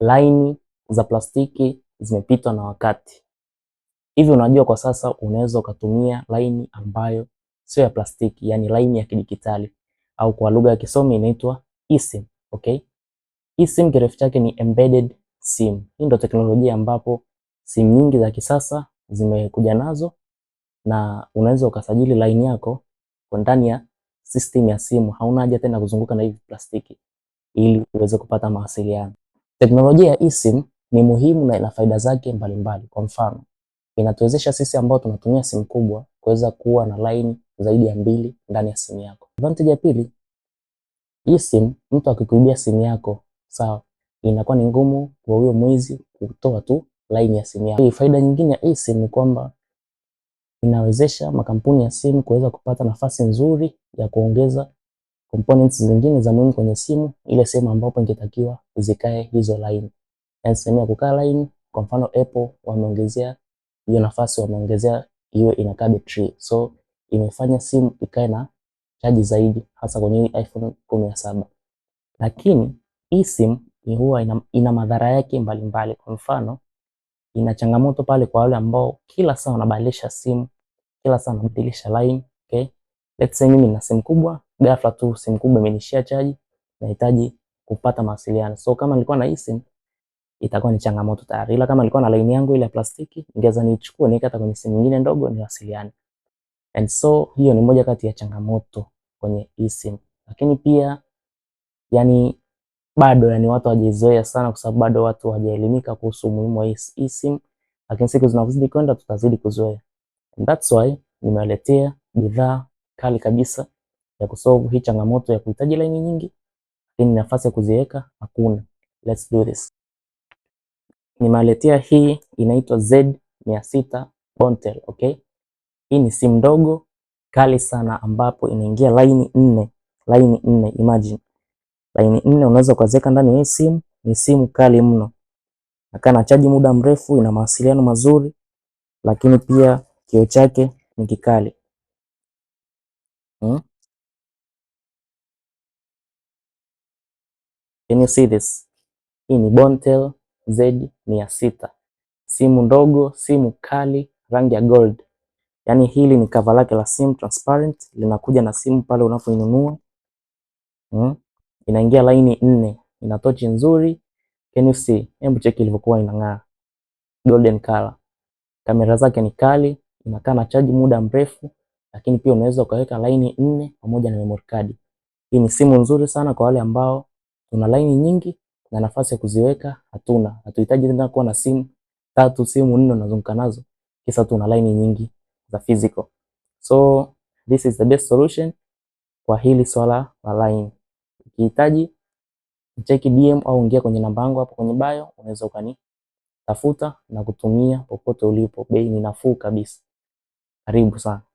laini za plastiki zimepitwa na wakati, Hivi unajua kwa sasa unaweza ukatumia laini ambayo sio ya plastiki, yani laini ya kidijitali au kwa lugha ya kisomi inaitwa eSIM. Okay, eSIM kirefu chake ni embedded SIM. Hii ndio teknolojia ambapo simu nyingi za kisasa zimekuja nazo, na unaweza ukasajili laini yako kwa ndani ya system ya simu. Hauna haja tena kuzunguka na hivi plastiki ili uweze kupata mawasiliano. Teknolojia ya eSIM ni muhimu na ina faida zake mbalimbali. Kwa mfano, inatuwezesha sisi ambao tunatumia simu kubwa kuweza kuwa na line zaidi ya mbili ndani ya simu yako. Advantage ya pili, eSIM mtu akikuibia simu yako, sawa, inakuwa ni ngumu kwa huyo mwizi kutoa tu line ya simu yako. Faida nyingine ya eSIM ni kwamba inawezesha makampuni ya simu kuweza kupata nafasi nzuri ya kuongeza components zingine za muhimu kwenye simu, ile sehemu ambapo ingetakiwa zikae hizo line. Yani sehemu ya kukaa line, kwa mfano Apple wameongezea hiyo nafasi, wameongezea iwe inakaa battery, so imefanya simu ikae na chaji zaidi, hasa kwenye iPhone 17. Lakini hii simu huwa ina, ina madhara yake mbalimbali. Kwa mfano ina changamoto pale kwa wale ambao kila saa wanabadilisha simu, kila saa wanabadilisha line okay. Let's say mimi nina simu kubwa ghafla tu simu kubwa imenishia chaji, nahitaji kupata mawasiliano. So kama nilikuwa na hii simu itakuwa ni changamoto tayari, ila kama nilikuwa na line yangu ile ya plastiki ningeweza niichukue niweke hata kwenye simu nyingine ndogo niwasiliane. And so hiyo ni moja kati ya changamoto kwenye hii simu, lakini pia yani bado yani watu hawajizoea sana, kwa sababu bado watu hawajaelimika kuhusu umuhimu wa hii simu, lakini siku zinazozidi kwenda tutazidi kuzoea. And that's why nimewaletea bidhaa kali kabisa ya kusolve hii changamoto ya kuhitaji laini nyingi, lakini nafasi ya kuziweka hakuna. Let's do this. Nimaletea hii inaitwa Z600 Bontel, okay? Hii ni simu ndogo kali sana ambapo inaingia laini nne, laini nne, imagine. Laini nne unaweza kuziweka ndani ya simu, ni simu kali mno. Akana chaji muda mrefu, ina mawasiliano mazuri, lakini pia kio chake ni kikali. Can you see this? Hii ni Bontel Z600. Simu ndogo, simu kali, rangi ya gold. Yaani hili ni cover lake la simu transparent, linakuja na simu pale unapoinunua. Hmm? Inaingia laini nne, ina tochi nzuri. Can you see? Hebu cheki ilivyokuwa inang'aa. Golden color. Kamera zake ni kali, inakaa na chaji muda mrefu, lakini pia unaweza ukaweka laini nne pamoja na memory card. Hii ni simu nzuri sana kwa wale ambao Tuna laini nyingi na nafasi ya kuziweka hatuna. Hatuhitaji tena kuwa na simu tatu, simu nne unazunguka nazo kisa tuna laini nyingi za physical. So this is the best solution kwa hili swala la laini. Ukihitaji cheki DM au ingia kwenye namba yangu hapo kwenye bio, unaweza ukanitafuta na kutumia popote ulipo. Bei ni nafuu kabisa. Karibu sana.